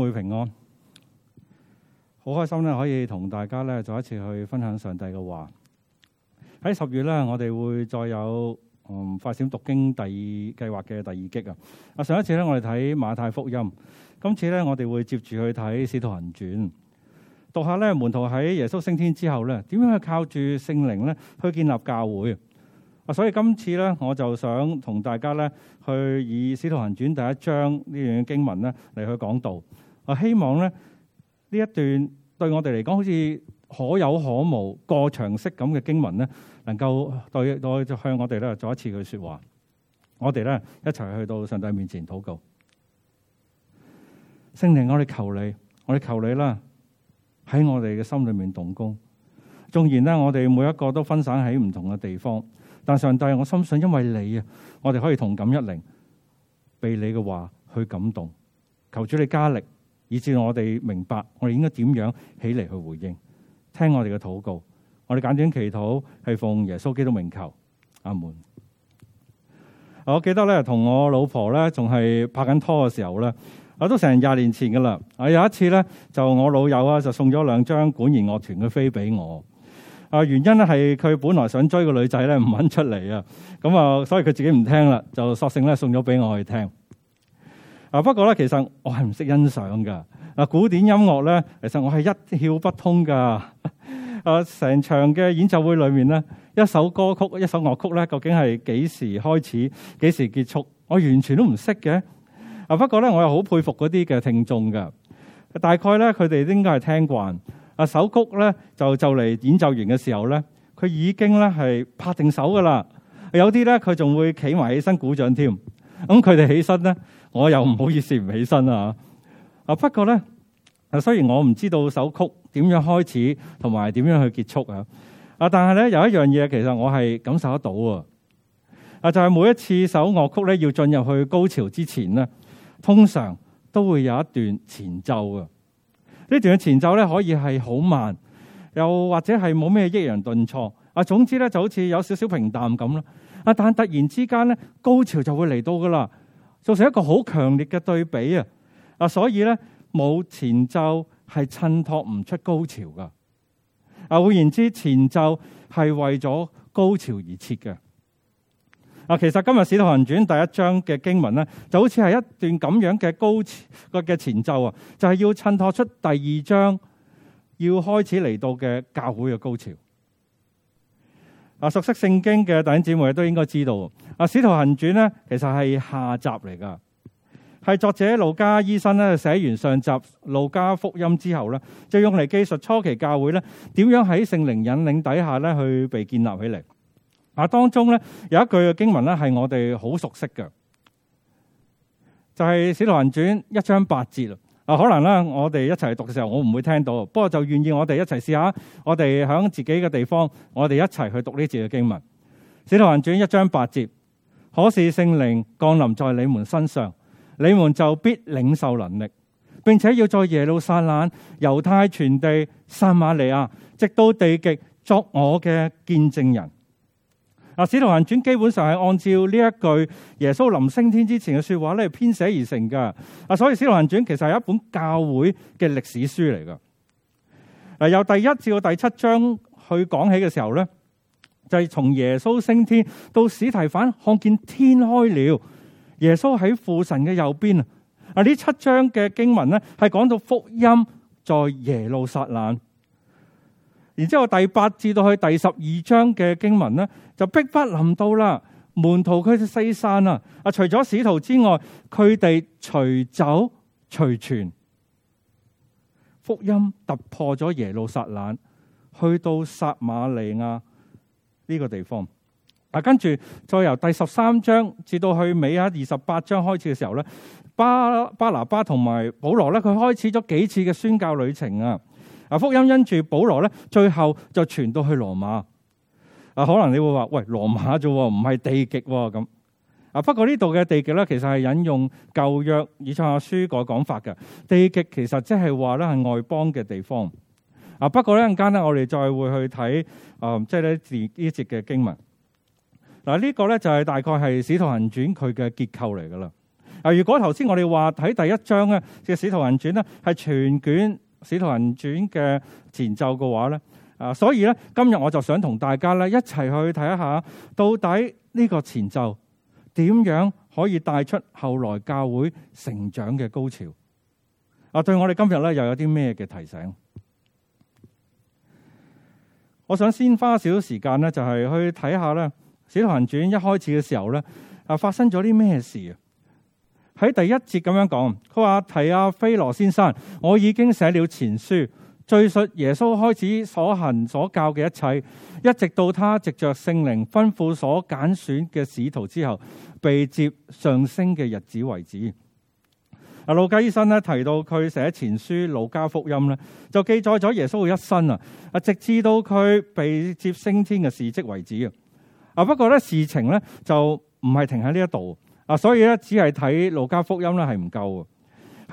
會平安，好開心咧，可以同大家咧再一次去分享上帝嘅話。喺十月咧，我哋會再有嗯快閃讀經第二計劃嘅第二集啊！啊，上一次咧，我哋睇馬太福音，今次咧，我哋會接住去睇使徒行傳，讀下咧，門徒喺耶穌升天之後咧，點樣去靠住聖靈咧去建立教會啊！所以今次咧，我就想同大家咧去以使徒行傳第一章呢段經文咧嚟去講道。我希望咧，呢一段對我哋嚟講好似可有可無過場式咁嘅經文咧，能夠對對向我哋咧做一次嘅說話。我哋咧一齊去到上帝面前禱告。聖靈，我哋求你，我哋求你啦，喺我哋嘅心裏面動工。縱然呢，我哋每一個都分散喺唔同嘅地方，但上帝，我深信因為你啊，我哋可以同感一靈，被你嘅話去感動。求主你加力。以至我哋明白，我哋應該點樣起嚟去回應。聽我哋嘅禱告，我哋簡短祈禱，係奉耶穌基督名求。阿門。我記得咧，同我老婆咧仲係拍緊拖嘅時候咧，我都成廿年前噶啦。啊，有一次咧，就我老友啊，就送咗兩張管弦樂團嘅飛俾我。啊，原因咧係佢本來想追個女仔咧，唔肯出嚟啊。咁啊，所以佢自己唔聽啦，就索性咧送咗俾我去聽。嗱、啊，不過咧，其實我係唔識欣賞㗎。嗱、啊，古典音樂咧，其實我係一竅不通㗎。誒、啊，成場嘅演奏會裏面咧，一首歌曲、一首樂曲咧，究竟係幾時開始、幾時結束，我完全都唔識嘅。嗱、啊，不過咧，我又好佩服嗰啲嘅聽眾㗎。大概咧，佢哋應該係聽慣。啊，首曲咧就就嚟演奏完嘅時候咧，佢已經咧係拍定手㗎啦。有啲咧佢仲會企埋起、啊、起身鼓掌添。咁佢哋起身咧。我又唔好意思唔起身啊！啊，不過咧，啊雖然我唔知道首曲點樣開始同埋點樣去結束啊，啊但係咧，有一樣嘢，其實我係感受得到啊，就係每一次首樂曲咧要進入去高潮之前咧，通常都會有一段前奏嘅。呢段嘅前奏咧，可以係好慢，又或者係冇咩抑揚頓挫。啊總之咧就好似有少少平淡咁啦。啊但突然之間咧，高潮就會嚟到噶啦。造成一個好強烈嘅對比啊！啊，所以咧冇前奏係襯托唔出高潮噶。啊，換言之，前奏係為咗高潮而設嘅。啊，其實今日《使徒行傳》第一章嘅經文咧，就好似係一段咁樣嘅高潮個嘅前奏啊，就係、是、要襯托出第二章要開始嚟到嘅教會嘅高潮。啊，熟悉聖經嘅弟兄姊妹都應該知道，啊，《使徒行傳》咧其實係下集嚟噶，係作者路加醫生咧寫完上集《路加福音》之後咧，就用嚟記述初期教會咧點樣喺聖靈引領底下咧去被建立起嚟。啊，當中咧有一句經文咧係我哋好熟悉嘅，就係、是《使徒行傳》一章八節。可能啦，我哋一齊讀嘅時候，我唔會聽到，不過就願意我哋一齊試下，我哋響自己嘅地方，我哋一齊去讀呢字嘅經文。《使徒行傳》一章八節，可是聖靈降臨在你們身上，你們就必領受能力，並且要在耶路撒冷、猶太全地、撒馬利亞，直到地極，作我嘅見證人。啊！《使徒行傳》基本上係按照呢一句耶穌臨升天之前嘅說話咧，編寫而成噶。啊，所以《使徒行傳》其實係一本教會嘅歷史書嚟噶。嗱，由第一至到第七章去講起嘅時候咧，就係從耶穌升天到史提反看見天開了，耶穌喺父神嘅右邊啊！呢七章嘅經文咧，係講到福音在耶路撒冷。然之後第八至到去第十二章嘅經文咧，就逼迫臨到啦。門徒去四散啊，啊，除咗使徒之外，佢哋隨走隨傳福音，突破咗耶路撒冷，去到撒瑪利亞呢個地方。跟住再由第十三章至到去尾啊，二十八章開始嘅時候咧，巴巴拿巴同埋保羅咧，佢開始咗幾次嘅宣教旅程啊。福音因住保羅咧，最後就傳到去羅馬。啊，可能你會話喂羅馬啫，唔係地極咁，啊。啊，不過的呢度嘅地極咧，其實係引用舊約以賽亞書個講法嘅地極，其實即係話咧係外邦嘅地方。啊，不過呢，陣間咧我哋再會去睇啊，即係咧呢節嘅經文。嗱、啊這個、呢個咧就係、是、大概係、啊《使徒行傳》佢嘅結構嚟噶啦。如果頭先我哋話喺第一章咧嘅《使徒行傳》咧係全卷。《使徒行傳》嘅前奏嘅話咧，啊，所以咧今日我就想同大家咧一齊去睇一下，到底呢個前奏點樣可以帶出後來教會成長嘅高潮？啊，對我哋今日咧又有啲咩嘅提醒？我想先花少少時間咧，就係去睇下咧《使徒行傳》一開始嘅時候咧，啊，發生咗啲咩事？喺第一節咁樣講，佢話提阿菲羅先生，我已經寫了前書，敘述耶穌開始所行所教嘅一切，一直到他藉着聖靈吩咐所揀選嘅使徒之後，被接上升嘅日子為止。啊，路加醫生咧提到佢寫前書《路加福音》咧，就記載咗耶穌嘅一生啊，啊，直至到佢被接升天嘅事蹟為止啊，不過咧事情咧就唔係停喺呢一度。所以咧，只係睇《路加福音》咧，係唔夠喎。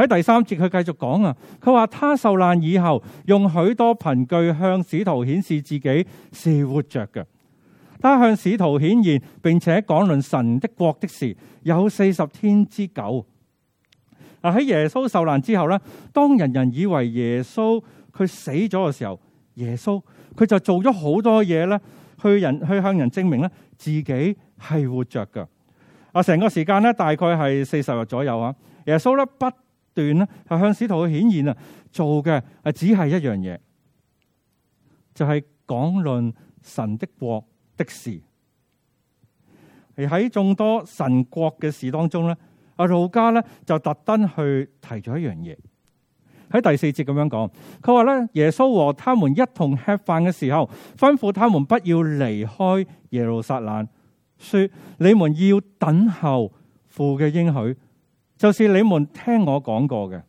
喺第三節，佢繼續講啊，佢話他受難以後，用許多憑據向使徒顯示自己是活着嘅。他向使徒顯現，並且講論神的國的事，有四十天之久。嗱，喺耶穌受難之後咧，當人人以為耶穌佢死咗嘅時候，耶穌佢就做咗好多嘢咧，去人去向人證明咧，自己係活着嘅。啊！成個時間咧，大概係四十日左右啊。耶穌咧不斷咧，係向使徒顯現啊，做嘅係只係一樣嘢，就係講論神的國的事。而喺眾多神國嘅事當中咧，阿路加咧就特登去提咗一樣嘢。喺第四節咁樣講，佢話咧耶穌和他們一同吃飯嘅時候，吩咐他們不要離開耶路撒冷。說你們要等候父嘅應許，就是你們聽我講過嘅。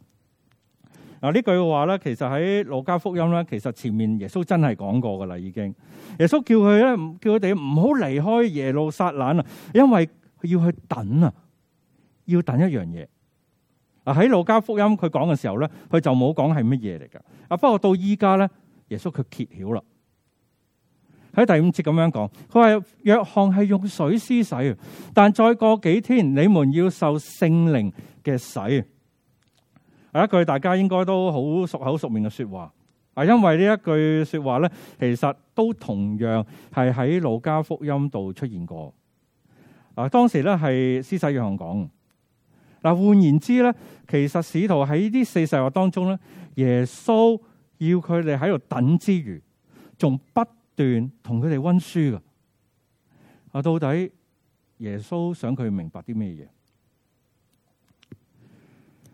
嗱，呢句話咧，其實喺路加福音咧，其實前面耶穌真係講過噶啦，已經耶穌叫佢咧，叫佢哋唔好離開耶路撒冷啊，因為要去等啊，要等一樣嘢。嗱，喺路加福音佢講嘅時候咧，佢就冇講係乜嘢嚟噶。啊，不過到依家咧，耶穌佢揭曉啦。喺第五節咁樣講，佢話約翰係用水施洗，但再過幾天你們要受聖靈嘅洗。係一句大家應該都好熟口熟面嘅說話。啊，因為呢一句說話咧，其實都同樣係喺路加福音度出現過。啊，當時咧係施洗約翰講。嗱，換言之咧，其實使徒喺呢啲四世話當中咧，耶穌要佢哋喺度等之餘，仲不。同佢哋溫書噶，啊，到底耶穌想佢明白啲咩嘢？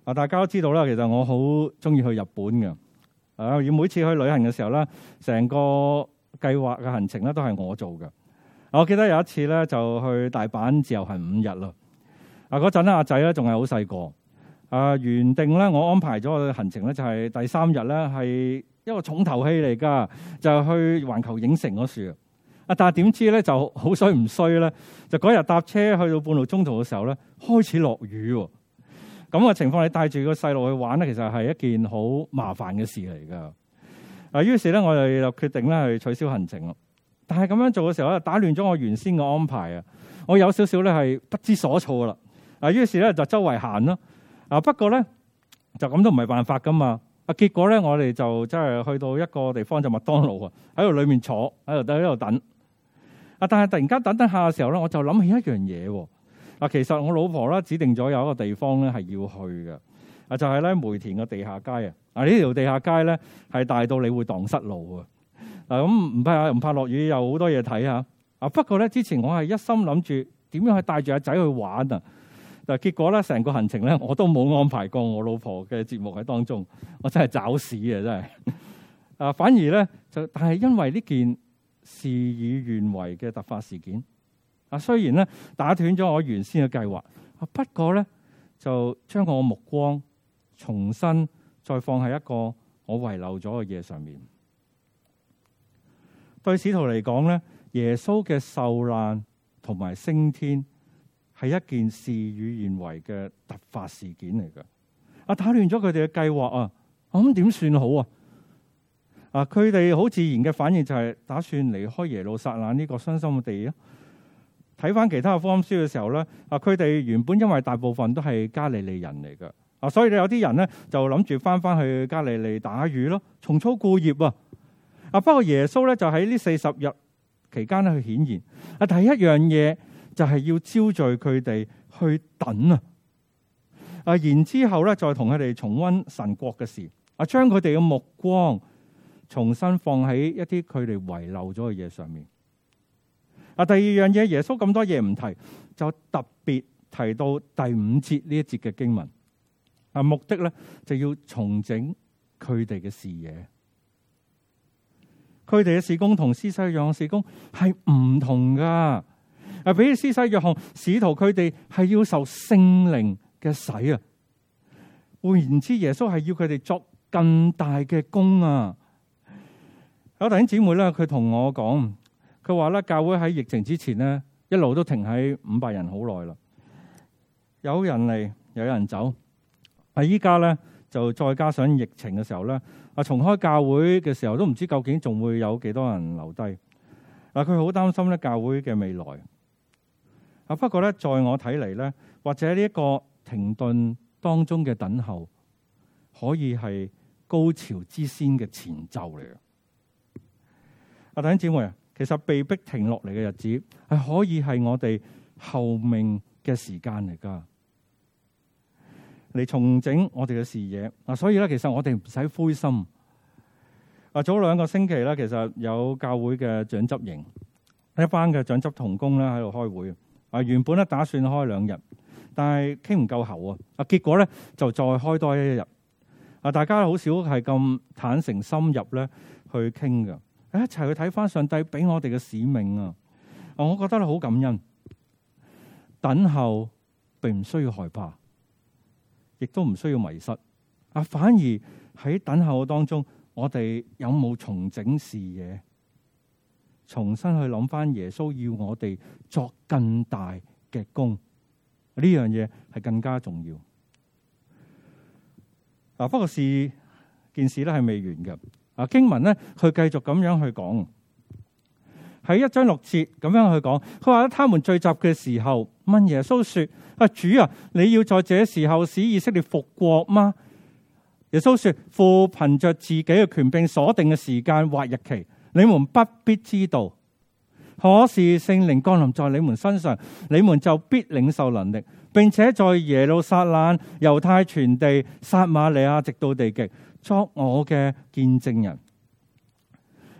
啊，大家都知道啦，其實我好中意去日本嘅，啊要每次去旅行嘅時候咧，成個計劃嘅行程咧都係我做嘅。我記得有一次咧就去大阪自由行五日咯。啊，嗰陣咧，阿仔咧仲係好細個，啊，原定咧我安排咗個行程咧就係第三日咧係，一個重頭戲嚟噶，就去環球影城嗰處啊！但係點知咧，就好衰唔衰咧？就嗰日搭車去到半路中途嘅時候咧，開始落雨。咁嘅情況，你帶住個細路去玩咧，其實係一件好麻煩嘅事嚟噶。嗱、啊，於是咧，我哋就決定咧去取消行程咯。但係咁樣做嘅時候咧，打亂咗我原先嘅安排啊！我有少少咧係不知所措啦。嗱，於是咧就周圍行咯。嗱，不過咧就咁都唔係辦法噶嘛。啊！結果咧，我哋就真係去到一個地方就麥當勞啊，喺度裏面坐，喺度喺度等。啊！但係突然間等等下嘅時候咧，我就諗起一樣嘢喎。啊，其實我老婆咧指定咗有一個地方咧係要去嘅。啊，就係咧梅田嘅地下街啊。啊，呢條地下街咧係大到你會蕩失路啊。嗱，咁唔怕唔怕落雨，有好多嘢睇下啊，不過咧之前我係一心諗住點樣去帶住阿仔去玩啊。就結果咧，成個行程咧，我都冇安排過我老婆嘅節目喺當中，我真係找死啊！真係啊，反而咧就，但係因為呢件事與願違嘅突發事件，啊，雖然咧打斷咗我原先嘅計劃，啊，不過咧就將我目光重新再放喺一個我遺留咗嘅嘢上面。對使徒嚟講咧，耶穌嘅受難同埋升天。係一件事與願違嘅突發事件嚟㗎，啊，打亂咗佢哋嘅計劃啊，咁點算好啊？啊，佢哋好自然嘅反應就係打算離開耶路撒冷呢個傷心嘅地啊。睇翻其他嘅福音書嘅時候咧，啊，佢哋原本因為大部分都係加利利人嚟㗎，啊，所以有啲人咧就諗住翻翻去加利利打魚咯，重操故業啊。啊，不過耶穌咧就喺呢四十日期間咧去顯現啊，第一樣嘢。就係、是、要招聚佢哋去等啊，啊，然之後咧再同佢哋重溫神國嘅事，啊，將佢哋嘅目光重新放喺一啲佢哋遺漏咗嘅嘢上面。啊，第二樣嘢，耶穌咁多嘢唔提，就特別提到第五節呢一節嘅經文。啊，目的咧就要重整佢哋嘅視野，佢哋嘅事工同施洗約翰嘅事工係唔同噶。比施洗約翰，使徒佢哋係要受聖靈嘅洗啊！換言之，耶穌係要佢哋作更大嘅工。啊！ 有弟兄姊妹咧，佢同我講，佢話咧教會喺疫情之前咧，一路都停喺五百人好耐啦，有人嚟，有人走。啊，依家咧就再加上疫情嘅時候咧，啊重開教會嘅時候都唔知究竟仲會有幾多人留低。嗱，佢好擔心咧教會嘅未來。啊！不過咧，在我睇嚟咧，或者呢一個停頓當中嘅等候，可以係高潮之先嘅前奏嚟嘅。啊，弟兄姐妹啊，其實被逼停落嚟嘅日子係可以係我哋後命嘅時間嚟㗎，嚟重整我哋嘅視野啊！所以咧，其實我哋唔使灰心。啊，早兩個星期咧，其實有教會嘅長執營一班嘅長執同工咧喺度開會。啊，原本咧打算開兩日，但係傾唔夠喉啊！啊，結果咧就再開多一日。啊，大家好少係咁坦誠深入咧去傾㗎，一齊去睇翻上帝俾我哋嘅使命啊！啊，我覺得咧好感恩。等候並唔需要害怕，亦都唔需要迷失。啊，反而喺等候當中，我哋有冇重整視野？重新去諗翻耶穌要我哋作更大嘅功，呢樣嘢係更加重要。嗱，不過事件事咧係未完嘅。啊，經文咧佢繼續咁樣去講，喺一章六節咁樣去講。佢話咧，他們聚集嘅時候，問耶穌說：啊主啊，你要在這時候使以色列復國嗎？耶穌說：父憑着自己嘅權柄，鎖定嘅時間或日期。你們不必知道，可是聖靈降臨在你們身上，你們就必領受能力，並且在耶路撒冷、猶太全地、撒馬利亞，直到地極，作我嘅見證人。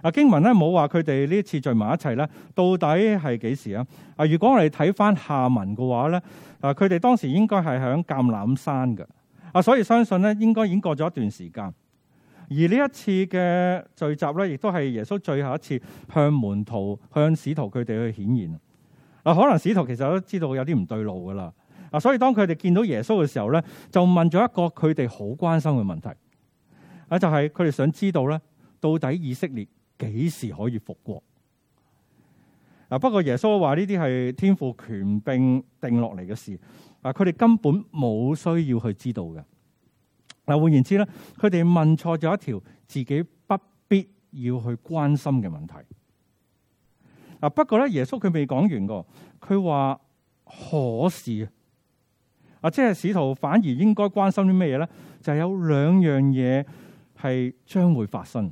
啊，經文咧冇話佢哋呢次聚埋一齊咧，到底係幾時啊？啊，如果我哋睇翻下文嘅話咧，啊，佢哋當時應該係響橄欖山嘅，啊，所以相信咧，應該已經過咗一段時間。而呢一次嘅聚集咧，亦都係耶穌最後一次向門徒、向使徒佢哋去顯現。嗱，可能使徒其實都知道有啲唔對路噶啦。嗱，所以當佢哋見到耶穌嘅時候咧，就問咗一個佢哋好關心嘅問題，啊，就係佢哋想知道咧，到底以色列幾時可以復國？嗱，不過耶穌話呢啲係天父權柄定落嚟嘅事，啊，佢哋根本冇需要去知道嘅。嗱，換言之咧，佢哋問錯咗一條自己不必要去關心嘅問題。嗱，不過咧，耶穌佢未講完噶，佢話何事啊？啊，即係使徒反而應該關心啲咩嘢咧？就係有兩樣嘢係將會發生。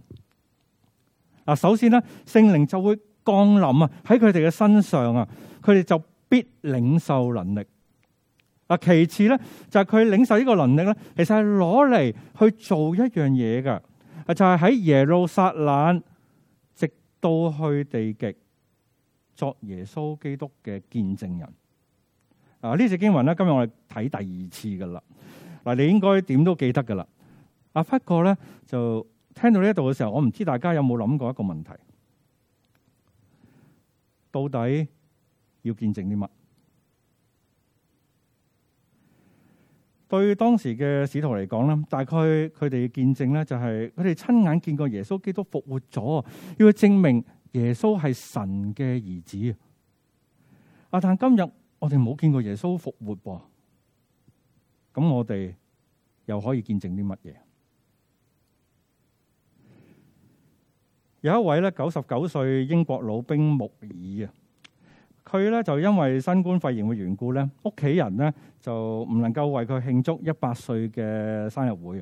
首先咧，聖靈就會降臨啊，喺佢哋嘅身上啊，佢哋就必領受能力。其次咧，就係佢領受呢個能力咧，其實係攞嚟去做一樣嘢噶，就係喺耶路撒冷直到去地極作耶穌基督嘅見證人。啊，呢節經文咧，今日我哋睇第二次噶啦，嗱，你應該點都記得噶啦。啊，不過咧，就聽到呢一度嘅時候，我唔知大家有冇諗過一個問題，到底要見證啲乜？對當時嘅使徒嚟講咧，大概佢哋嘅見證咧就係佢哋親眼見過耶穌基督復活咗，要去證明耶穌係神嘅兒子。啊！但今日我哋冇見過耶穌復活噃，咁我哋又可以見證啲乜嘢？有一位咧九十九歲英國老兵木爾。啊。佢咧就因為新冠肺炎嘅緣故咧，屋企人咧就唔能夠為佢慶祝一百歲嘅生日會。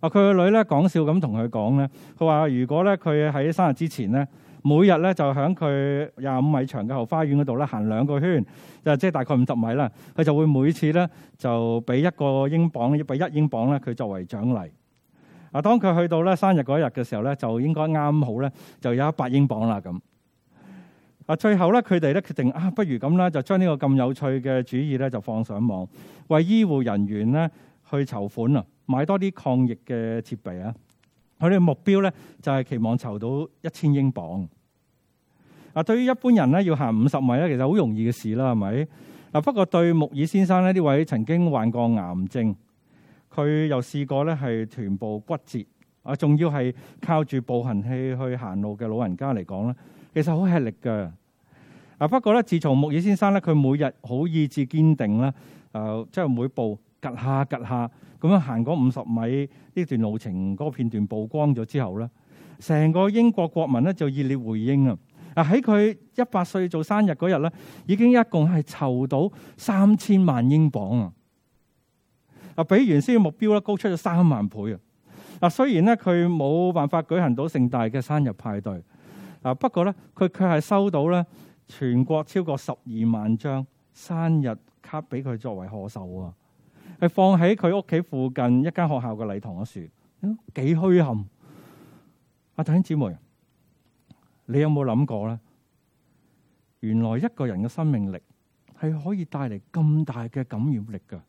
啊，佢個女咧講笑咁同佢講咧，佢話如果咧佢喺生日之前咧，每日咧就喺佢廿五米長嘅後花園嗰度咧行兩個圈，就即係大概五十米啦，佢就會每次咧就俾一個英鎊，俾一英鎊咧佢作為獎勵。啊，當佢去到咧生日嗰日嘅時候咧，就應該啱好咧就有一百英鎊啦咁。啊，最後咧，佢哋咧決定啊，不如咁啦，就將呢個咁有趣嘅主意咧，就放上網，為醫護人員咧去籌款啊，買多啲抗疫嘅設備啊。佢哋目標咧就係期望籌到一千英鎊。啊，對於一般人咧要行五十米咧，其實好容易嘅事啦，係咪？嗱，不過對木耳先生咧呢位曾經患過癌症，佢又試過咧係臀部骨折，啊，仲要係靠住步行器去行路嘅老人家嚟講咧，其實好吃力㗎。嗱，不過咧，自從木爾先生咧，佢每日好意志堅定咧，誒、呃，即係每步趌下趌下咁樣行嗰五十米呢段路程嗰、那個、片段曝光咗之後咧，成個英國國民咧就熱烈回應啊！嗱，喺佢一百歲做生日嗰日咧，已經一共係籌到三千萬英鎊啊！嗱，比原先嘅目標咧高出咗三萬倍啊！嗱，雖然咧佢冇辦法舉行到盛大嘅生日派對，嗱，不過咧佢卻係收到咧。全國超過十二萬張生日卡俾佢作為賀壽啊，係放喺佢屋企附近一間學校嘅禮堂嗰處，幾墟冚。阿、啊、弟兄姊妹，你有冇諗過咧？原來一個人嘅生命力係可以帶嚟咁大嘅感染力噶。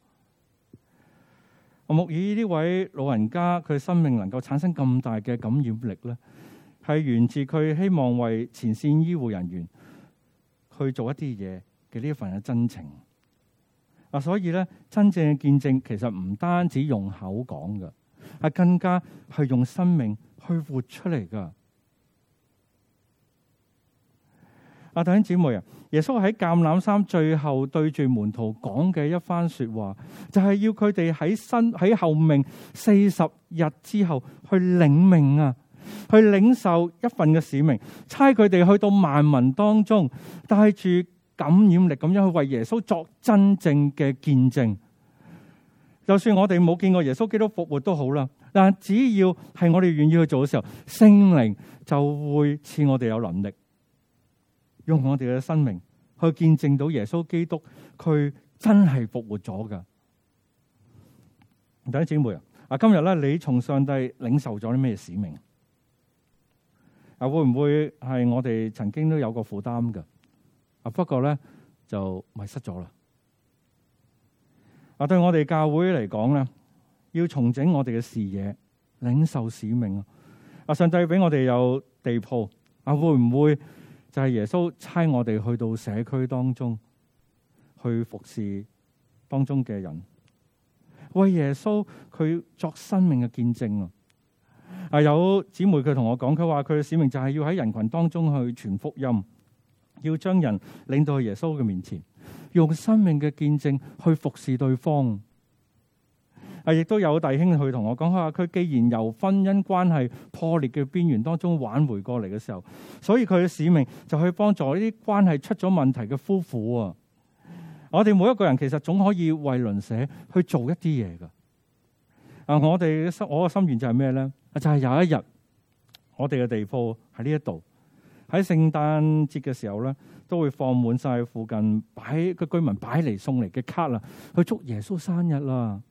我木以呢位老人家佢生命能夠產生咁大嘅感染力咧，係源自佢希望為前綫醫護人員。去做一啲嘢，嘅呢一份嘅真情啊，所以咧真正嘅見證其實唔單止用口講噶，係、啊、更加係用生命去活出嚟噶。啊，弟兄姊妹啊，耶穌喺橄欖山最後對住門徒講嘅一番說話，就係、是、要佢哋喺身喺後命四十日之後去領命啊！去領受一份嘅使命，差佢哋去到萬民當中，帶住感染力咁樣去為耶穌作真正嘅見證。就算我哋冇見過耶穌基督復活都好啦，但只要係我哋願意去做嘅時候，聖靈就會賜我哋有能力，用我哋嘅生命去見證到耶穌基督佢真係復活咗噶。第一姐妹啊，今日咧你從上帝領受咗啲咩使命？啊，會唔會係我哋曾經都有個負擔嘅？啊，不過咧就迷失咗啦。啊，對我哋教會嚟講咧，要重整我哋嘅視野、領受使命啊！啊，上帝俾我哋有地鋪啊，會唔會就係耶穌差我哋去到社區當中去服侍當中嘅人，為耶穌佢作生命嘅見證啊！啊！有姊妹佢同我講，佢話佢嘅使命就係要喺人群當中去傳福音，要將人領到去耶穌嘅面前，用生命嘅見證去服侍對方。啊！亦都有弟兄去同我講，佢話佢既然由婚姻關係破裂嘅邊緣當中挽回過嚟嘅時候，所以佢嘅使命就去幫助呢啲關係出咗問題嘅夫婦啊！我哋每一個人其實總可以為鄰舍去做一啲嘢噶。啊！我哋嘅心我嘅心願就係咩咧？就係、是，有一日，我哋嘅地鋪喺呢一度，喺聖誕節嘅時候咧，都會放滿晒附近擺個居民擺嚟、送嚟嘅卡啦，去祝耶穌生日啦。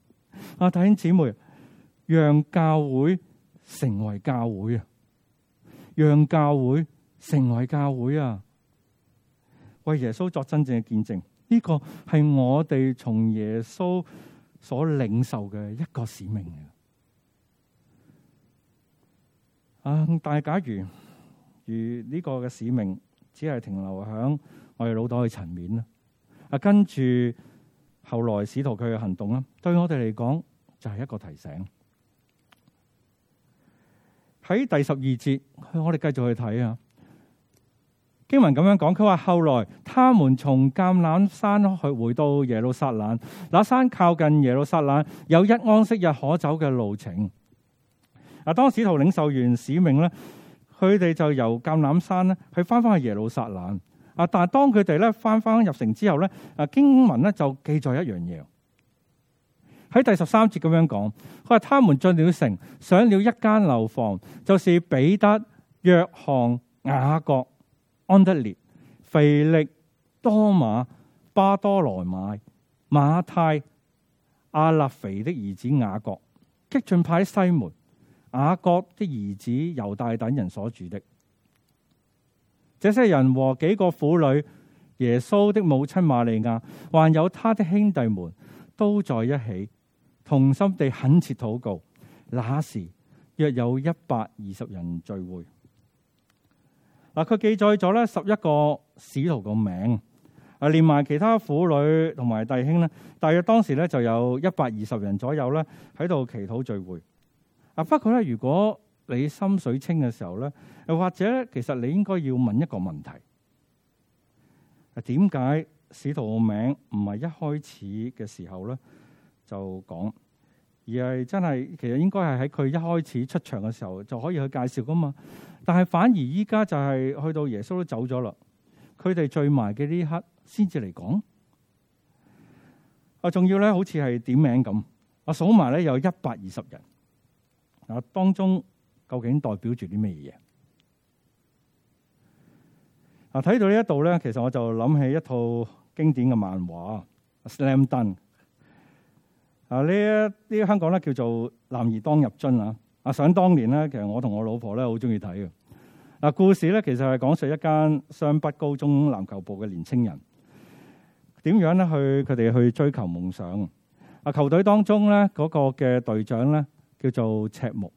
啊，弟兄姊妹，讓教會成為教會啊，讓教會成為教會啊，為耶穌作真正嘅見證。呢個係我哋從耶穌所領受嘅一個使命。如如啊！但係假如如呢個嘅使命只係停留喺我哋腦袋嘅層面啦，啊跟住後來使徒佢嘅行動啦，對我哋嚟講就係、是、一個提醒。喺第十二節，我哋繼續去睇啊經文咁樣講，佢話後來他們從橄欖山去回到耶路撒冷，那山靠近耶路撒冷有一安息日可走嘅路程。啊！當使徒領受完使命咧，佢哋就由橄欖山咧去返返去耶路撒冷。啊！但係當佢哋咧返返入城之後咧，啊經文咧就記載一樣嘢喺第十三節咁樣講，佢話他們進了城，上了一間樓房，就是彼得、約翰、雅各、安德烈、腓力、多馬、巴多羅買、馬太、阿勒腓的兒子雅各、激進派西門。雅各的兒子猶大等人所住的，這些人和幾個婦女、耶穌的母親瑪利亞，還有他的兄弟們都在一起，同心地懇切禱告。那時約有一百二十人聚會。嗱，佢記載咗咧十一個使徒個名，啊連埋其他婦女同埋弟兄咧，大約當時咧就有一百二十人左右咧喺度祈禱聚會。啊！不過咧，如果你心水清嘅時候咧，又或者其實你應該要問一個問題：點解使徒嘅名唔係一開始嘅時候咧就講，而係真係其實應該係喺佢一開始出場嘅時候就可以去介紹㗎嘛？但係反而依家就係、是、去到耶穌都走咗啦，佢哋聚埋嘅呢刻先至嚟講。啊！仲要咧，好似係點名咁，我數埋咧有一百二十人。嗱，當中究竟代表住啲咩嘢？嗱，睇到呢一度咧，其實我就諗起一套經典嘅漫畫《Slam Dunk》。啊，呢一啲香港咧叫做男兒當入樽啊！啊，想當年咧，其實我同我老婆咧好中意睇嘅。嗱，故事咧其實係講述一間湘北高中籃球部嘅年青人點樣咧去佢哋去追求夢想。啊，球隊當中咧嗰、那個嘅隊長咧。叫做赤木。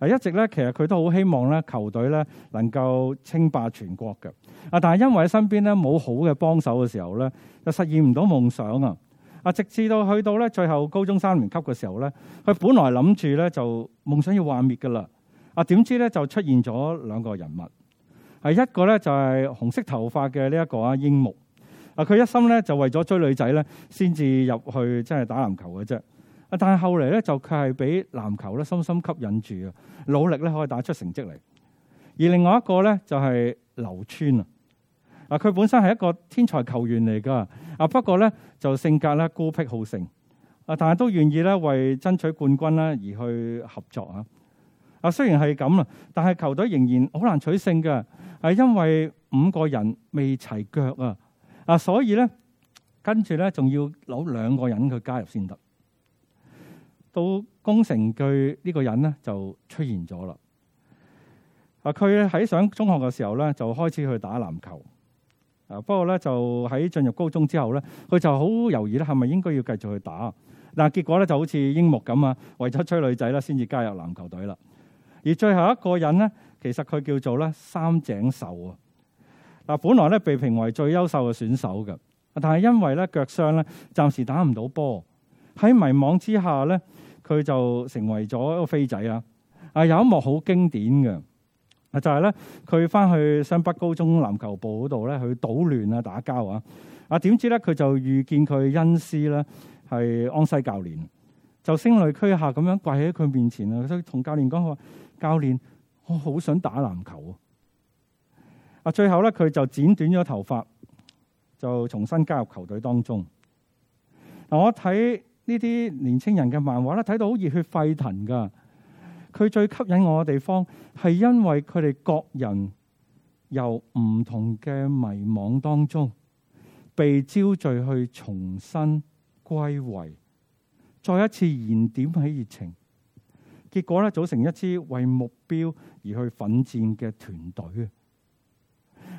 嗱，一直咧，其實佢都好希望咧，球隊咧能夠稱霸全國嘅。啊，但係因為喺身邊咧冇好嘅幫手嘅時候咧，就實現唔到夢想啊！啊，直至到去到咧最後高中三年級嘅時候咧，佢本來諗住咧就夢想要幻滅噶啦。啊，點知咧就出現咗兩個人物，係一個咧就係紅色頭髮嘅呢一個啊，櫻木。嗱，佢一心咧就為咗追女仔咧，先至入去，即係打籃球嘅啫。啊，但係後嚟咧就佢係俾籃球咧深深吸引住啊，努力咧可以打出成績嚟。而另外一個咧就係流川啊。嗱，佢本身係一個天才球員嚟噶啊，不過咧就性格咧孤僻好勝啊，但係都願意咧為爭取冠軍啦而去合作啊。啊，雖然係咁啦，但係球隊仍然好難取勝嘅，係因為五個人未齊腳啊。啊、所以咧，跟住咧，仲要攞兩個人去加入先得。到宮城句呢個人咧就出現咗啦。啊，佢喺上中學嘅時候咧就開始去打籃球。啊，不過咧就喺進入高中之後咧，佢就好猶豫咧，係咪應該要繼續去打？嗱、啊，結果咧就好似櫻木咁啊，為咗追女仔啦，先至加入籃球隊啦。而最後一個人咧，其實佢叫做咧三井壽啊。本來咧被評為最優秀嘅選手嘅，但係因為咧腳傷咧，暫時打唔到波。喺迷惘之下咧，佢就成為咗一個飛仔啦。啊，有一幕好經典嘅，就係咧佢返去湘北高中籃球部嗰度咧，去搗亂啊、打交啊。啊，點知咧佢就遇見佢恩師咧，係安西教練，就聲淚俱下咁樣跪喺佢面前啊，所以同教練講：教練，我好想打籃球啊！最後咧，佢就剪短咗頭髮，就重新加入球隊當中。嗱，我睇呢啲年青人嘅漫畫咧，睇到好熱血沸騰噶。佢最吸引我嘅地方係因為佢哋各人由唔同嘅迷惘當中被招聚去重新歸回，再一次燃點起熱情，結果咧組成一支為目標而去奮戰嘅團隊。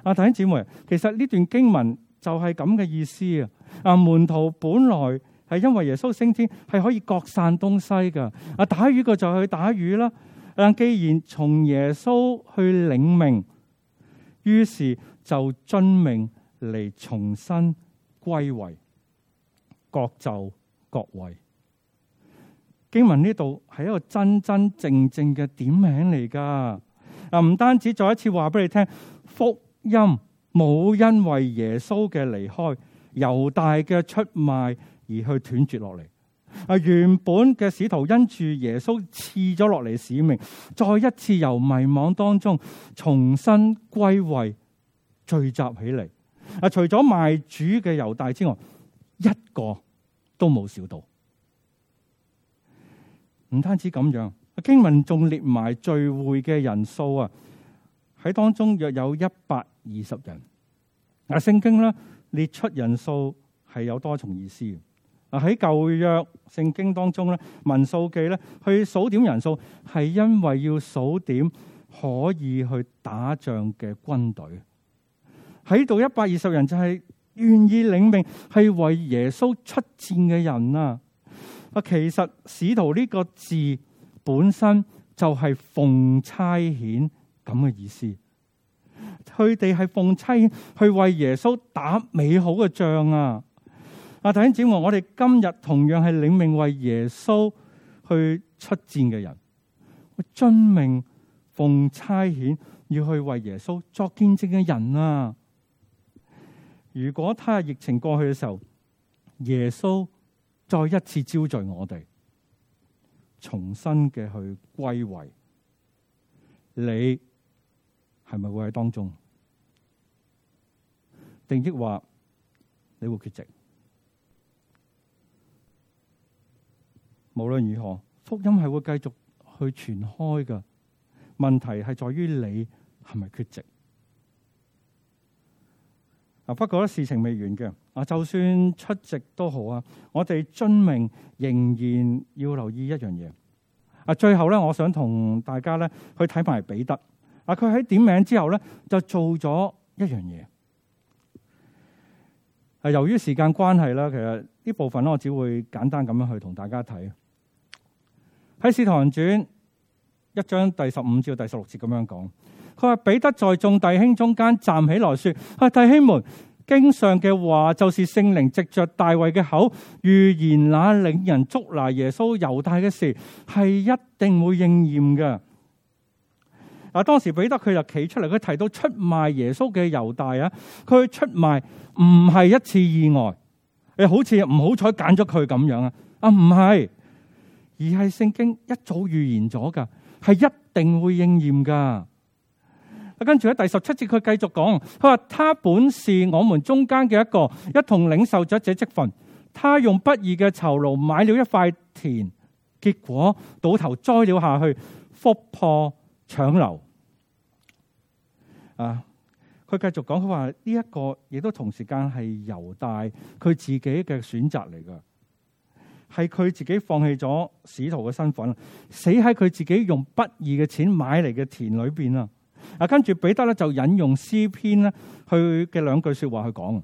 啊，弟兄姊妹，其實呢段經文就係咁嘅意思啊！啊，門徒本來係因為耶穌升天係可以各散東西噶，啊，打魚個，就去打魚啦。但既然從耶穌去領命，於是就遵命嚟，重新歸位，各就各位。經文呢度係一個真真正正嘅點名嚟噶。啊，唔單止再一次話俾你聽，福。因冇因為耶穌嘅離開，猶大嘅出賣而去斷絕落嚟。啊，原本嘅使徒因住耶穌賜咗落嚟使命，再一次由迷惘當中重新歸位聚集起嚟。啊，除咗賣主嘅猶大之外，一個都冇少到。唔單止咁樣，經文仲列埋聚會嘅人數啊，喺當中約有一百。二十人，嗱，聖經咧，列出人數係有多重意思。嗱，喺舊約聖經當中咧，民數記咧去數點人數，係因為要數點可以去打仗嘅軍隊。喺度一百二十人就係願意領命，係為耶穌出戰嘅人啊！啊，其實使徒呢個字本身就係奉差遣咁嘅意思。佢哋係奉差遣去為耶穌打美好嘅仗啊！阿弟兄姊妹，我哋今日同樣係領命為耶穌去出戰嘅人，我遵命奉差遣要去為耶穌作見證嘅人啊！如果他日疫情過去嘅時候，耶穌再一次招聚我哋，重新嘅去歸位。你。係咪會喺當中？定抑或你會缺席？無論如何，福音係會繼續去傳開㗎。問題係在於你係咪缺席？啊，不過咧事情未完嘅。啊，就算出席都好啊，我哋遵命仍然要留意一樣嘢。啊，最後咧，我想同大家咧去睇埋彼得。啊！佢喺點名之後咧，就做咗一樣嘢。係由於時間關係啦，其實呢部分咧，我只會簡單咁樣去同大家睇。喺《使徒行傳》一章第十五至第十六節咁樣講，佢話彼得在眾弟兄中間站起來說：啊，弟兄們，經上嘅話就是聖靈藉着大衛嘅口預言那領人捉拿耶穌猶太嘅事，係一定會應驗嘅。嗱，當時彼得佢就企出嚟，佢提到出賣耶穌嘅猶大啊。佢出賣唔係一次意外，又好似唔好彩揀咗佢咁樣啊。啊，唔係，而係聖經一早預言咗噶，係一定會應驗噶。啊，跟住喺第十七節，佢繼續講，佢話：他本是我們中間嘅一個，一同領受咗這職分。他用不義嘅酬勞買了一塊田，結果倒頭栽了下去，腹破。搶樓啊！佢繼續講，佢話呢一個亦都同時間係猶大佢自己嘅選擇嚟噶，係佢自己放棄咗使徒嘅身份，死喺佢自己用不義嘅錢買嚟嘅田裏邊啊！啊，跟住彼得咧就引用詩篇咧去嘅兩句說話去講。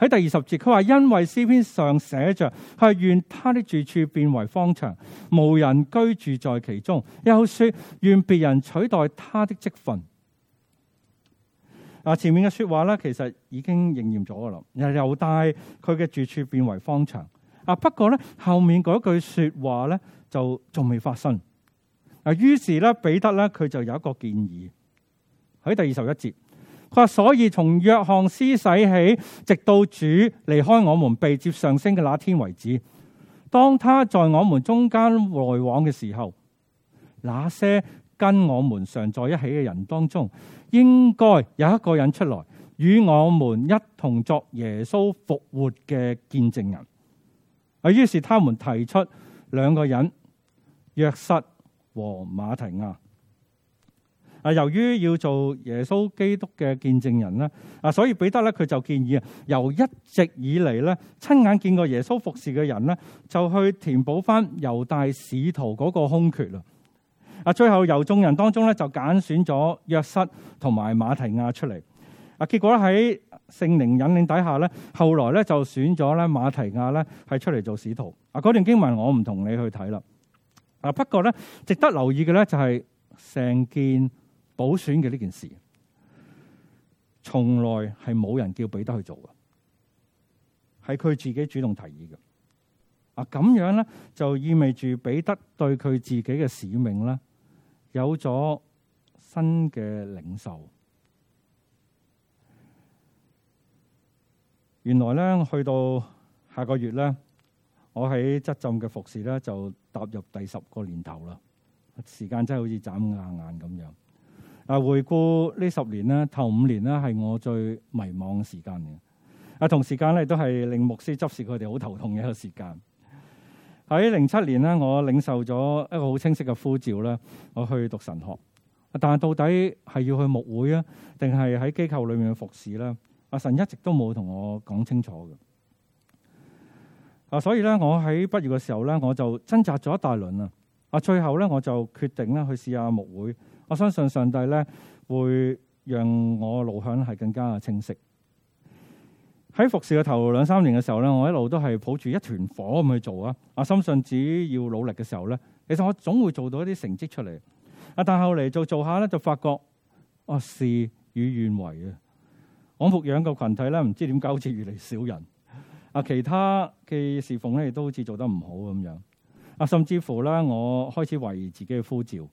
喺第二十節，佢話因為詩篇上寫着，佢願他的住處變為荒場，無人居住在其中。又說願別人取代他的職分。嗱，前面嘅說話咧，其實已經應驗咗噶啦。又又帶佢嘅住處變為荒場。啊，不過咧後面嗰句說話咧就仲未發生。嗱，於是咧彼得咧佢就有一個建議喺第二十一節。佢話所以從約翰施洗起，直到主離開我們被接上升嘅那天為止，當他在我們中間來往嘅時候，那些跟我們常在一起嘅人當中，應該有一個人出來與我們一同作耶穌復活嘅見證人。啊，於是他們提出兩個人，約瑟和馬提亞。啊，由於要做耶穌基督嘅見證人咧，啊，所以彼得咧佢就建議啊，由一直以嚟咧親眼見過耶穌服侍嘅人咧，就去填補返猶大使徒嗰個空缺啦。啊，最後由眾人當中咧就揀選咗約瑟同埋馬提亞出嚟。啊，結果咧喺聖靈引領底下咧，後來咧就選咗咧馬提亞咧係出嚟做使徒。啊，嗰段經文我唔同你去睇啦。啊，不過咧值得留意嘅咧就係成件補選嘅呢件事，從來係冇人叫彼得去做嘅，係佢自己主動提議嘅。啊，咁樣咧就意味住彼得對佢自己嘅使命咧有咗新嘅領受。原來咧去到下個月咧，我喺執政嘅服侍咧就踏入第十個年頭啦。時間真係好似眨硬眼咁樣。啊！回顧呢十年咧，頭五年咧係我最迷茫嘅時間嘅。啊，同時間咧都係令牧師執事佢哋好頭痛嘅一個時間。喺零七年咧，我領受咗一個好清晰嘅呼召咧，我去讀神學。但係到底係要去牧會啊，定係喺機構裏面服侍咧？阿神一直都冇同我講清楚嘅。啊，所以咧，我喺畢業嘅時候咧，我就掙扎咗一大輪啊。啊，最後咧，我就決定咧去試下牧會。我相信上帝咧會讓我路向係更加清晰。喺服侍嘅頭兩三年嘅時候咧，我一路都係抱住一團火咁去做啊！啊，深信只要努力嘅時候咧，其實我總會做到一啲成績出嚟啊！但後嚟做做下咧，就發覺啊、哦、事與願違啊！我牧養嘅群體咧，唔知點解好似越嚟越少人啊，其他嘅侍奉咧亦都好似做得唔好咁樣啊，甚至乎咧我開始懷疑自己嘅呼召。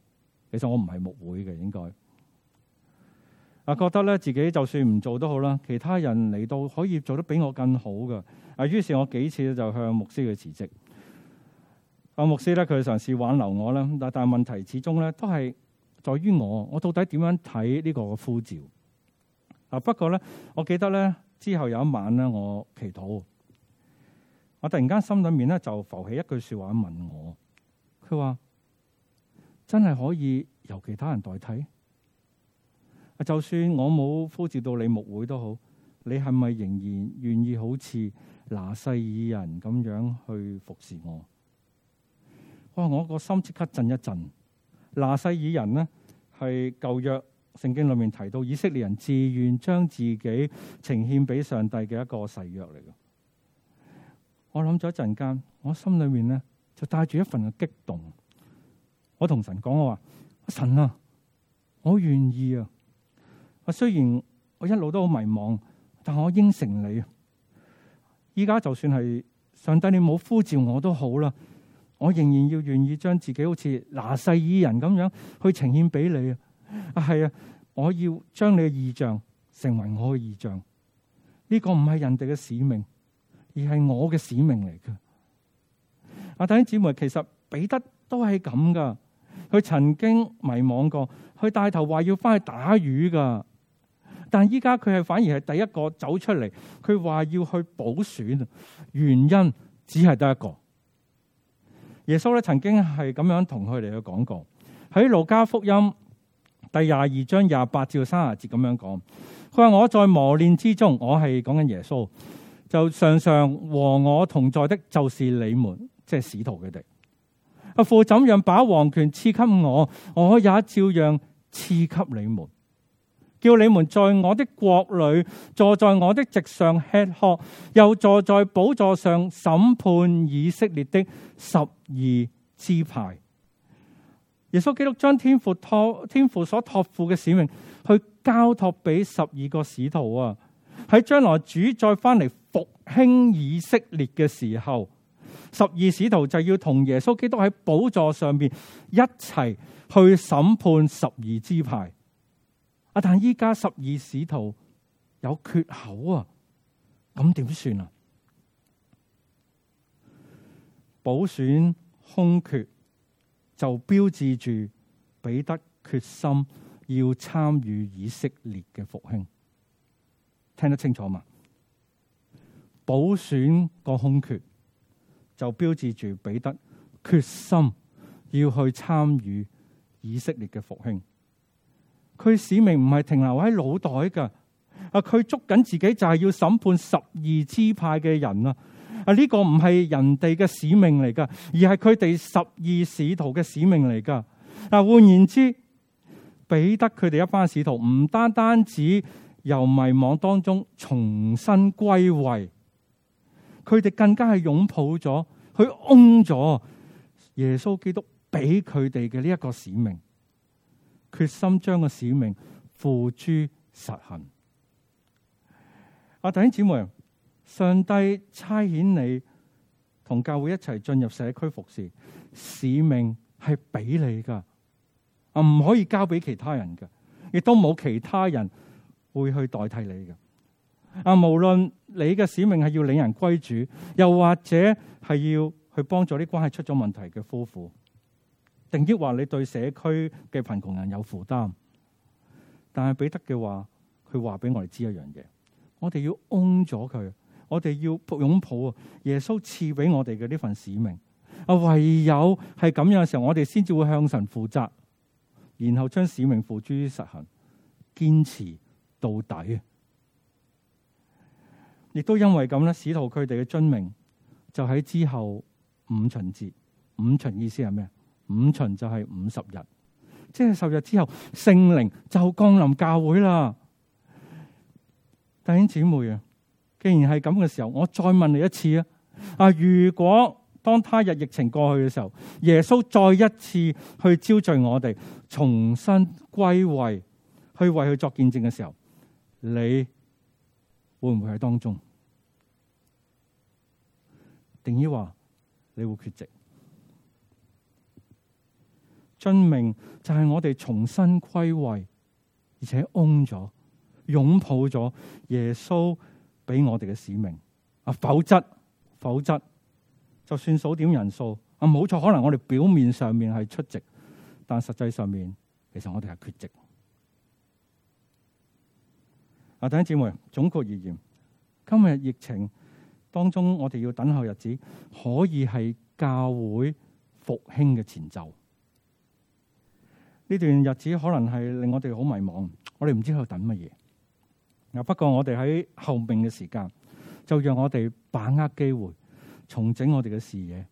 其實我唔係牧會嘅，應該啊覺得咧自己就算唔做都好啦，其他人嚟到可以做得比我更好嘅啊。於是我幾次就向牧師去辭職。啊，牧師咧佢嘗試挽留我啦，但但問題始終咧都係在於我，我到底點樣睇呢個呼召啊？不過咧，我記得咧之後有一晚咧，我祈禱，我突然間心裏面咧就浮起一句說話問我，佢話。真係可以由其他人代替？就算我冇呼召到你牧會都好，你係咪仍然願意好似拿細耳人咁樣去服侍我？哇！我個心即刻震一震。拿細耳人呢，係舊約聖經裏面提到以色列人自願將自己呈獻俾上帝嘅一個誓約嚟嘅。我諗咗一陣間，我心裏面呢，就帶住一份嘅激動。我同神講：我話神啊，我願意啊！我雖然我一路都好迷茫，但我應承你。依家，就算係上帝，你冇呼召我都好啦，我仍然要願意將自己好似拿細耳人咁樣去呈現俾你啊！係啊，我要將你嘅意象成為我嘅意象。呢個唔係人哋嘅使命，而係我嘅使命嚟嘅。阿弟兄姊妹，其實彼得都係咁噶。佢曾經迷惘過，佢帶頭話要翻去打魚噶，但係依家佢係反而係第一個走出嚟，佢話要去補選，原因只係得一個。耶穌咧曾經係咁樣同佢哋去講過，喺路加福音第廿二章廿八至三十節咁樣講，佢話我在磨練之中，我係講緊耶穌，就常常和我同在的，就是你們，即係使徒佢哋。阿父怎樣把王權賜給我，我也照樣賜給你們，叫你們在我的國裏坐在我的席上吃喝，又坐在寶座上審判以色列的十二支派。耶穌基督將天父託天父所託付嘅使命，去交託俾十二個使徒啊！喺將來主再翻嚟復興以色列嘅時候。十二使徒就要同耶穌基督喺寶座上邊一齊去審判十二支派。啊！但係依家十二使徒有缺口啊，咁點算啊？補選空缺就標誌住彼得決心要參與以色列嘅復興。聽得清楚嘛？補選個空缺。就標誌住彼得決心要去參與以色列嘅復興。佢使命唔係停留喺腦袋噶，啊！佢捉緊自己就係要審判十二支派嘅人啊！啊！呢個唔係人哋嘅使命嚟噶，而係佢哋十二使徒嘅使命嚟噶。嗱，換言之，彼得佢哋一班使徒唔單單止由迷惘當中重新歸位。佢哋更加係擁抱咗，去擁咗耶穌基督俾佢哋嘅呢一個使命，決心將個使命付諸實行。啊，弟兄姊妹，上帝差遣你同教會一齊進入社區服侍，使命係俾你噶，啊唔可以交俾其他人㗎，亦都冇其他人會去代替你嘅。啊！無論你嘅使命係要領人歸主，又或者係要去幫助啲關係出咗問題嘅夫婦，定抑或你對社區嘅貧窮人有負擔，但係彼得嘅話，佢話俾我哋知一樣嘢：我哋要擁咗佢，我哋要擁抱啊！耶穌賜俾我哋嘅呢份使命啊，唯有係咁樣嘅時候，我哋先至會向神負責，然後將使命付諸於實行，堅持到底。亦都因為咁咧，使徒佢哋嘅尊名就喺之後五旬節。五旬意思係咩？五旬就係五十日，即係十日之後，聖靈就降臨教會啦。弟兄姊妹啊，既然係咁嘅時候，我再問你一次啊，啊，如果當他日疫情過去嘅時候，耶穌再一次去招聚我哋，重新歸位去為佢作見證嘅時候，你會唔會喺當中？定於話你會缺席，遵命就係我哋重新歸位，而且嗡咗擁抱咗耶穌俾我哋嘅使命啊！否則，否則就算數點人數啊，冇錯，可能我哋表面上面係出席，但實際上面其實我哋係缺席。啊，第一姊妹，總括而言，今日疫情。當中我哋要等候日子，可以係教會復興嘅前奏。呢段日子可能係令我哋好迷茫，我哋唔知喺度等乜嘢。嗱，不過我哋喺後面嘅時間，就讓我哋把握機會重整我哋嘅視野，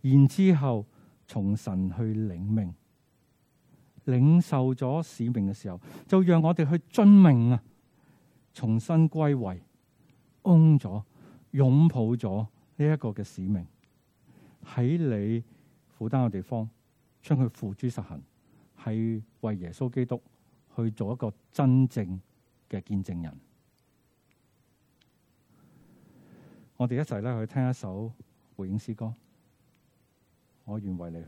然之後從神去領命，領受咗使命嘅時候，就讓我哋去遵命啊，重新歸位，安咗。擁抱咗呢一個嘅使命，喺你負擔嘅地方，將佢付諸實行，係為耶穌基督去做一個真正嘅見證人。我哋一齊咧，去聽一首回應詩歌，我願為你去。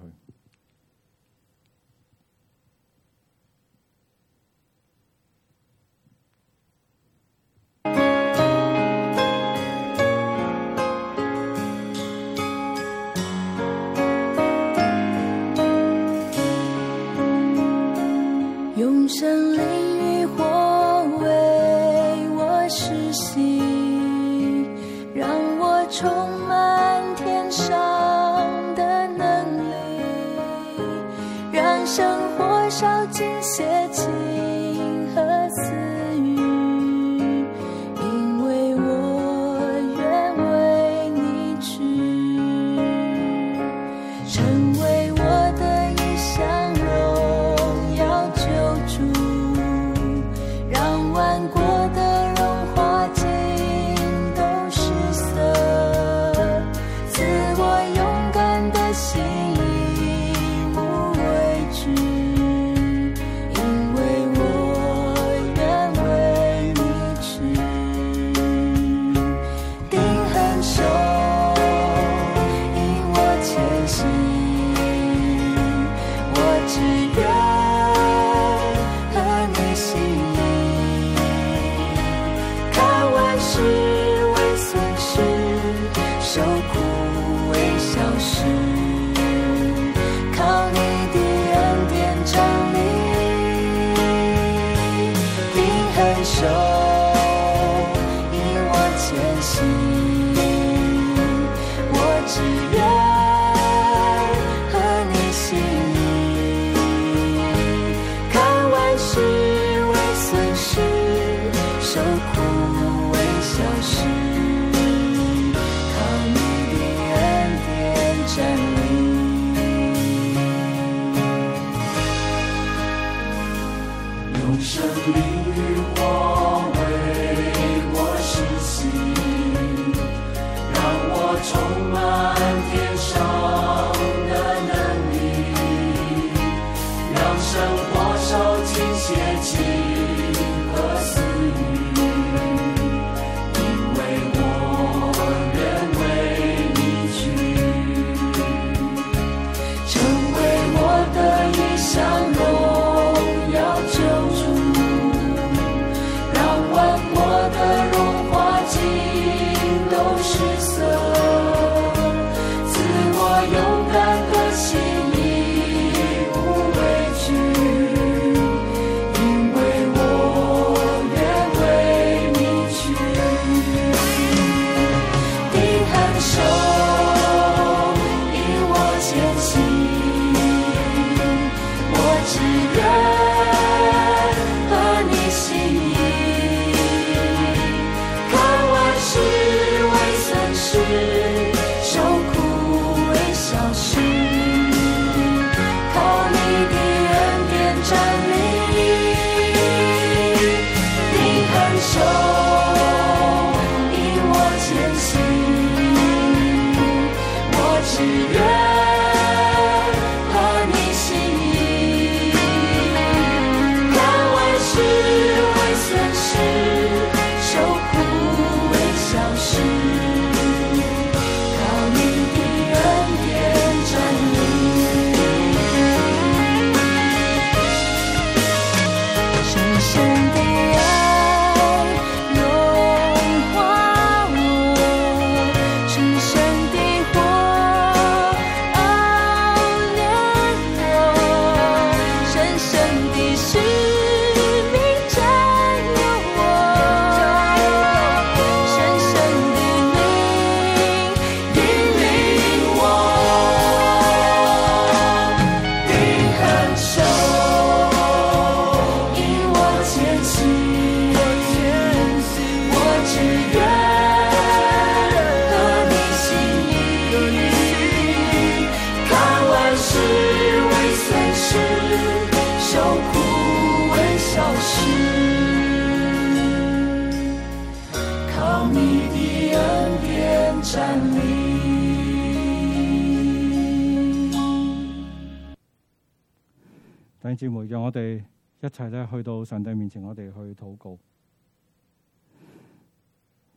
到上帝面前，我哋去禱告，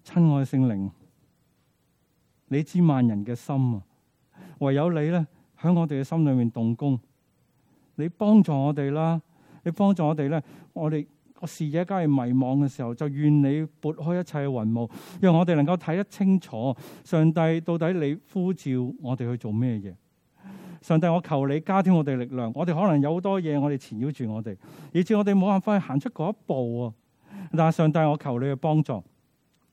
親愛聖靈，你知萬人嘅心啊，唯有你咧喺我哋嘅心裏面動工，你幫助我哋啦，你幫助我哋咧，我哋個視野梗係迷茫嘅時候，就願你撥開一切嘅雲霧，讓我哋能夠睇得清楚，上帝到底你呼召我哋去做咩嘢？上帝，我求你加添我哋力量。我哋可能有好多嘢，我哋纏繞住我哋，以致我哋冇辦法去行出嗰一步啊！但係上帝，我求你嘅幫助，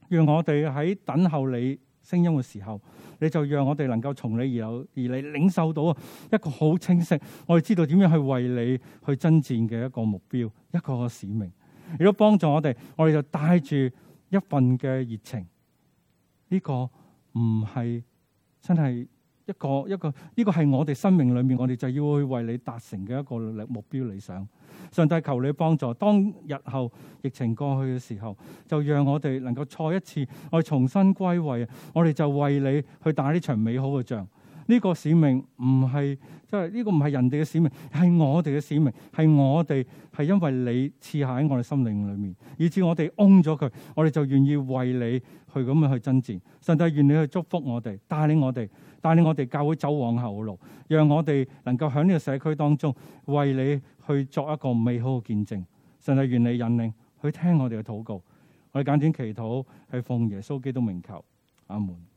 讓我哋喺等候你聲音嘅時候，你就讓我哋能夠從你而有而你領受到一個好清晰，我哋知道點樣去為你去征戰嘅一個目標，一個個使命。亦都幫助我哋，我哋就帶住一份嘅熱情。呢、這個唔係真係。一個一個呢個係我哋生命裏面，我哋就要去為你達成嘅一個目標理想。上帝求你幫助，當日後疫情過去嘅時候，就讓我哋能夠再一次我哋重新歸位，我哋就為你去打呢場美好嘅仗。呢個使命唔係即係呢個唔係人哋嘅使命，係我哋嘅使命，係我哋係因為你賜下喺我哋心靈裏面，以至我哋擁咗佢，我哋就願意為你去咁樣去征戰。上帝願你去祝福我哋，帶領我哋。帶領我哋教會走往後路，讓我哋能夠喺呢個社區當中為你去作一個美好嘅見證。神願你引領，去聽我哋嘅禱告。我哋簡短祈禱，係奉耶穌基督名求。阿門。